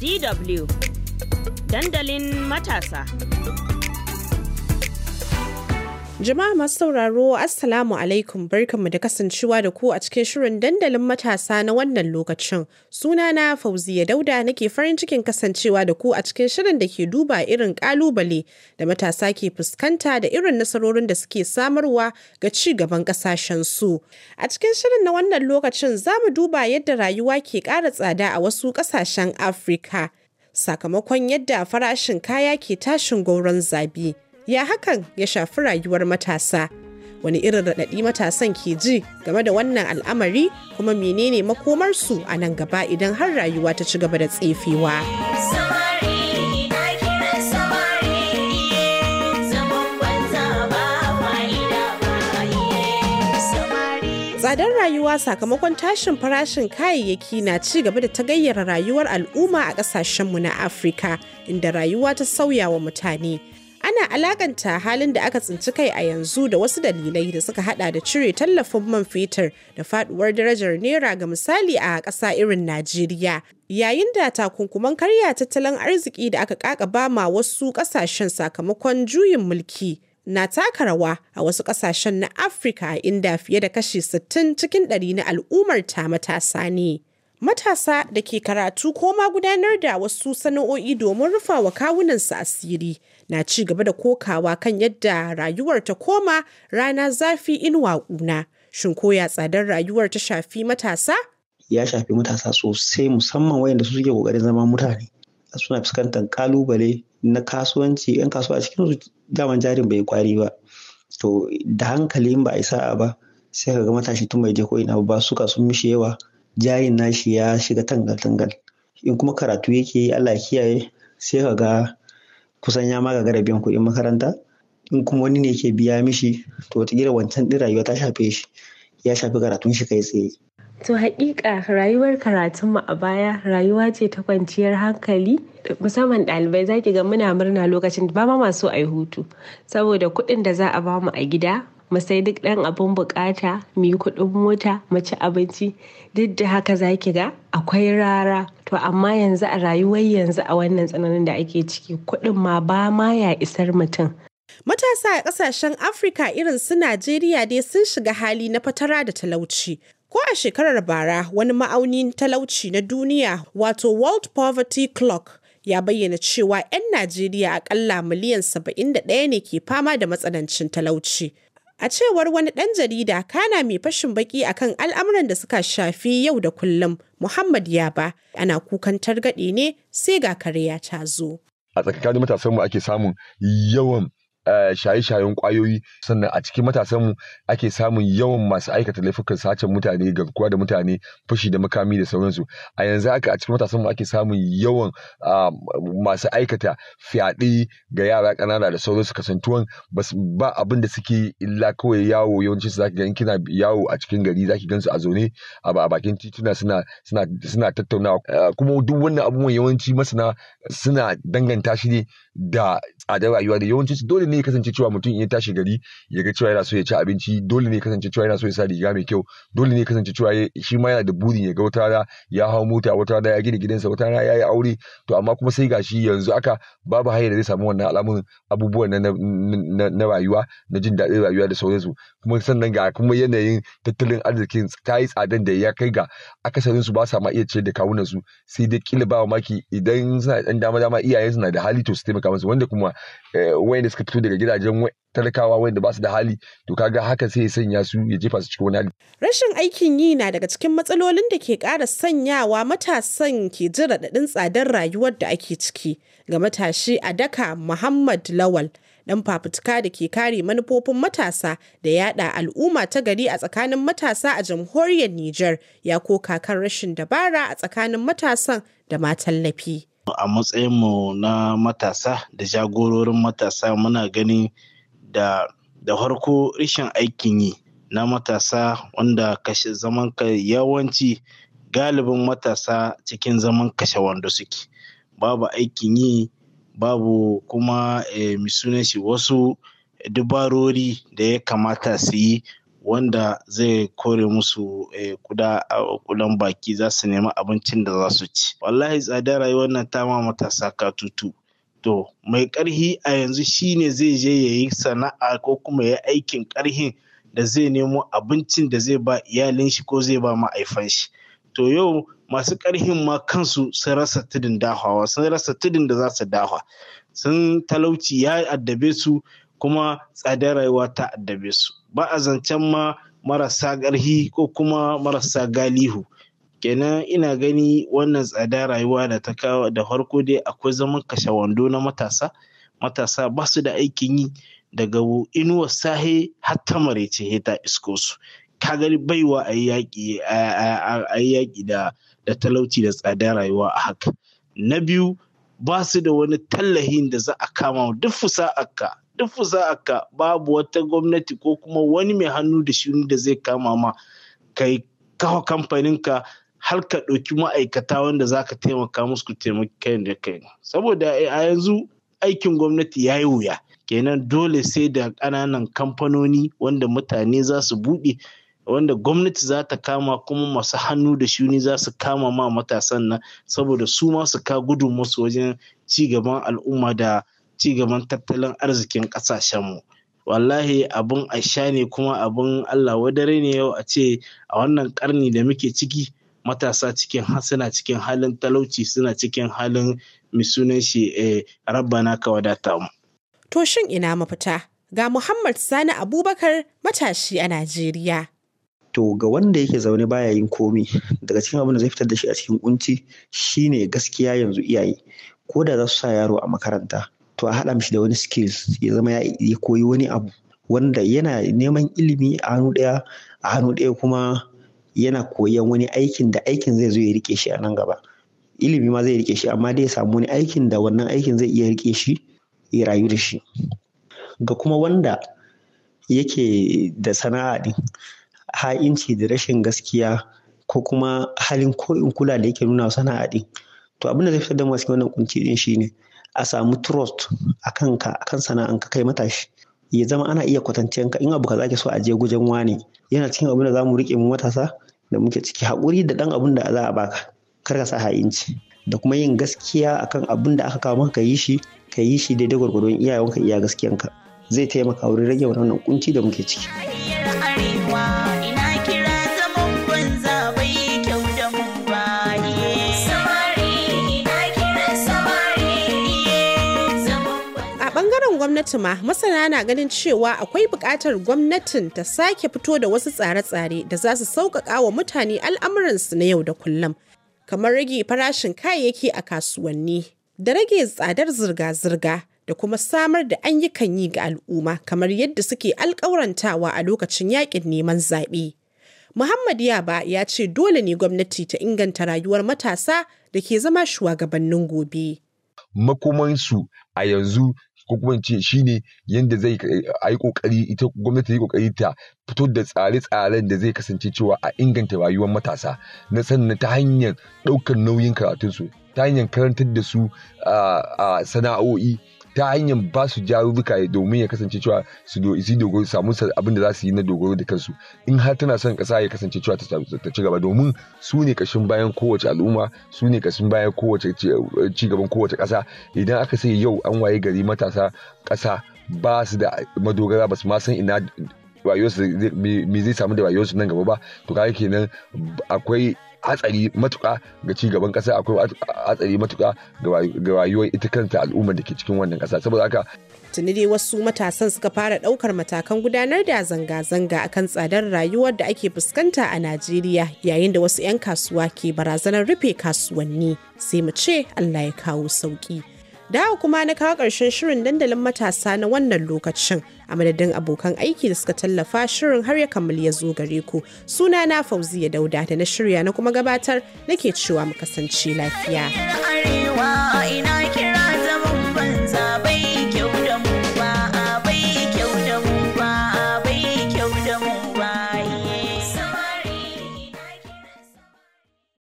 DW dandalin matasa. Jama'a masu sauraro Assalamu alaikum barkanmu da kasancewa da ku a cikin shirin dandalin matasa na wannan lokacin. Sunana Fauziya Dauda nake farin cikin kasancewa da ku a cikin shirin da ke duba irin kalubale da matasa ke fuskanta da irin nasarorin da suke samarwa ga ci gaban kasashen su. A cikin shirin na wannan lokacin za mu duba yadda rayuwa ke ƙara tsada a wasu ƙasashen Afirka sakamakon yadda farashin kaya ke tashin gauron zabi. ya hakan ya shafi rayuwar matasa wani irin raɗaɗi matasan ke ji game da wannan al'amari kuma menene makomarsu a nan gaba idan har rayuwa ta ci gaba da tsefewa. tsadar rayuwa sakamakon tashin farashin kayayyaki na ci gaba da ta gayyara rayuwar al'umma a ƙasashenmu na afirka inda rayuwa ta sauya wa mutane ana alakanta halin da aka tsinci kai a yanzu da wasu dalilai da suka hada da cire tallafin man fetur da faduwar darajar naira ga misali a ƙasa irin Najeriya. Yayin da takunkuman karya tattalin arziki da aka kakaba ma wasu ƙasashen sakamakon juyin mulki. na taka rawa a wasu ƙasashen na Afirka inda fiye da kashi 60 cikin ɗari na al'ummarta ta matasa ne. matasa da ke karatu ko ma gudanar da wasu sana'o'i domin rufa wa kawunansu asiri na ci gaba da kokawa kan yadda rayuwar ta koma rana zafi inuwa ƙuna shin ko ya tsadar rayuwar ta shafi matasa ya shafi matasa sosai musamman wayanda su suke kokarin zama mutane suna fuskantar kalubale na kasuwanci yan kasuwa a cikin daman jarin bai kwari ba to da hankali ba a yi sa'a ba sai ka ga matashi tun bai je ko ina ba suka sun mishi yawa jayin nashi ya shiga tangal-tangal in kuma karatu yake yi Allah kiyaye sai ka ga kusan ya ma gagara biyan kuɗin makaranta in kuma wani ne ke biya mishi to wataƙila wancan ɗin rayuwa ta shafe shi ya shafi karatun shi kai tsaye. To haƙiƙa rayuwar karatunmu a baya rayuwa ce ta kwanciyar hankali musamman ɗalibai za ki ga muna murna lokacin ba ma masu ai hutu saboda kuɗin da za a ba mu a gida mu sai duk ɗan abin bukata mu yi kuɗin mota mu ci abinci duk da haka za ki ga akwai rara to amma yanzu a rayuwar yanzu a wannan tsananin da ake ciki kuɗin ma ba ma ya isar mutum matasa a ƙasashen afirka irin su najeriya dai sun shiga hali na fatara da talauci Ko a shekarar bara wani ma'aunin talauci na duniya wato World Poverty Clock ya bayyana cewa 'yan Najeriya akalla miliyan 71 ne ke fama da matsanancin talauci. A cewar wani ɗan jarida kana mai fashin baki akan al'amuran da suka shafi yau da kullum Muhammad ya ba ana kukan targaɗe ne sai ga kare ya ta zo. A tsakanin matasanmu ake samun yawan Eh, shaye-shayen kwayoyi sannan a cikin matasanmu ake samun yawan masu aikata laifukan sacen mutane garkuwa da mutane fushi da makami da sauransu a yanzu haka a cikin matasanmu ake samun yawan ah, masu aikata fyaɗe ga yara ƙanana da sauransu kasantuwan ba abin da suke illa kawai yawo yawanci su zaki gani, kina yawo a cikin gari zaki gansu a zaune a bakin tituna suna suna suna tattaunawa eh, kuma duk wannan abubuwan yawanci masana suna danganta shi ne da tsadar rayuwa da yawanci dole ne ya kasance cewa mutum ya tashi gari ya ga cewa yana so ya ci abinci dole ne ya kasance cewa yana so ya sa riga mai kyau dole ne ya kasance cewa shi ma yana da burin ya ga wata rana ya hau mota wata rana ya gina gidansa wata rana ya yi aure to amma kuma sai gashi yanzu aka babu hanyar da zai samu wannan alamun abubuwan na rayuwa na jin daɗin rayuwa da sauransu kuma sannan ga kuma yanayin tattalin arzikin ta yi tsadan da ya kai ga akasarin su ba sa ma iya ciyar da kawunan su sai dai kila ba maki idan suna dan dama dama iyayen suna da hali to su taimaka musu wanda kuma Eh, wayanda suka fito daga gidajen talakawa wayanda basu da hali to kaga haka sai ya sanya su ya jefa su cikin wani hali. Rashin aikin yi na daga cikin matsalolin da ke kara sanyawa matasan ke ji raɗaɗin tsadar rayuwar da ake ciki ga matashi a daka Muhammad Lawal. dan fafutuka da ke kare manufofin matasa da yada al'umma ta gari a tsakanin matasa a jamhuriyar Nijar ya koka kan rashin dabara a tsakanin matasan da ma tallafi. a matsayinmu na matasa da jagororin matasa muna gani da da farko rishin aikin yi na matasa wanda kashe zaman ka yawanci galibin matasa cikin zaman kashe wanda suke babu aikin yi babu kuma eh, misunan shi wasu dabarori da ya kamata su yi wanda zai kore musu eh, kuda a kudan baki za su nemi abincin da za su ci wallahi tsadar rayuwar nan ta ma matasa tutu. to mai karhi a yanzu shine zai je ya yi sana'a ko kuma ya aikin karhin da zai nemo abincin da zai ba iyalin shi ko zai ba ma'aifan shi to yau masu karhin ma kansu sun rasa tudun dahawa sun rasa tudun da za su dahwa sun talauci ya addabe su kuma tsadar rayuwa ta addabe su ba a zancen ma marasa ƙarhi ko kuma marasa galihu kenan ina gani wannan tsadar rayuwa da ta kawo da farko dai akwai zaman kashe wando na matasa matasa ba su da aikin yi daga inuwar sahe har ta marece heta isko su ka baiwa a yi yaƙi da talauci da tsadar rayuwa a haka na biyu ba su da wani tallahin da za a kama duk aka ka babu wata gwamnati ko kuma wani mai hannu da shuni da zai kama ma kai kawo kamfaninka har ka ɗauki ma'aikata wanda za ka taimaka musu ku taimaki kai da kai saboda a yanzu aikin gwamnati ya yi wuya kenan dole sai da ƙananan kamfanoni wanda mutane za su buɗe wanda gwamnati za ta kama kuma masu hannu da shuni za su kama ma matasan nan saboda su ma su ka gudun musu wajen ci gaban al'umma da ci gaban tattalin arzikin ƙasashenmu. Wallahi abun aisha ne kuma abin Allah wadare ne yau a ce a wannan karni da muke ciki matasa cikin suna cikin halin talauci suna cikin halin misunan shi eh, rabbana ka wadata mu. Toshin ina mafita ga Muhammad Sani Abubakar matashi a Najeriya. to ga wanda yake zaune baya yin komi daga cikin abin da zai fitar da shi a cikin kunci shine gaskiya yanzu iyaye ko da za su sa yaro a makaranta to a haɗa mishi da wani skills ya zama ya koyi wani abu wanda yana neman ilimi a hannu ɗaya a hannu ɗaya kuma yana koyan wani aikin da aikin zai zo ya rike shi a nan gaba ilimi ma zai rike shi amma dai ya samu wani aikin da wannan aikin zai iya rike shi ya rayu da shi ga kuma wanda yake da sana'a din ha'inci da rashin gaskiya ko kuma halin ko in kula da yake nuna sana'a din to abin da zai fitar da masu wannan kunci din shine a samu trust a kanka a kan sana'anka kai matashi ya zama ana iya kwatancen ka in abu kaza ake so a je gujen wane yana cikin abin da zamu rike mu matasa da muke ciki hakuri da dan abin da za a baka kar ka sa ha'inci da kuma yin gaskiya akan abin da aka kawo maka ka yi shi ka yi shi daidai gwargwadon iyayenka iya gaskiyanka zai taimaka wurin rage wannan kunci da muke ciki. gwamnati ma masana na ganin cewa akwai buƙatar gwamnatin ta sake fito da wasu tsare-tsare da za su sauƙaƙa wa mutane al'amuransu na yau da kullum kamar rage farashin kayayyaki a kasuwanni da rage tsadar zirga-zirga da kuma samar da ayyukan yi ga al'umma kamar yadda suke alƙawrantawa a lokacin yaƙin neman zaɓe. Muhammad Yaba ya ce dole ne gwamnati ta inganta rayuwar matasa da ke zama shugabannin gobe. Makomansu a yanzu ko kuma ce shi shine yadda zai eh, a yi kokari ita gwamnati ta yi kokari ta fito da tsare-tsaren da zai kasance cewa a inganta rayuwar matasa na sannan ta hanyar ɗaukar nauyin karatunsu ta hanyar karantar da su a ah, ah, sana'o'i ta hanyar ba su jarurruka domin ya kasance cewa su dogon samu abin da za su yi na dogon da kansu in har tana son kasa ya kasance cewa ta ci gaba domin su ne kashin bayan kowace al'umma su ne kashin bayan kowace ci gaban kowace kasa idan aka sai yau an waye gari matasa kasa ba su da madogara ba su ma san ina rayuwarsu me zai samu da rayuwarsu nan gaba ba to kaga kenan akwai hatsari matuƙa ga ci gaban ƙasa akwai hatsari matuka ga rayuwar ita kanta al'ummar da ke cikin wannan ƙasa saboda haka tuni dai wasu matasan suka fara daukar matakan gudanar da zanga-zanga akan tsadar rayuwar da ake fuskanta a najeriya yayin da wasu 'yan kasuwa ke barazanar rufe kasuwanni sai mu ce allah ya kawo sauki da kuma na kawo ƙarshen shirin dandalin matasa na wannan lokacin a madadin abokan aiki da suka tallafa shirin har ya kammali ya zo gare ku suna na fauziya dauda da na shirya na kuma gabatar nake cewa mu kasance lafiya.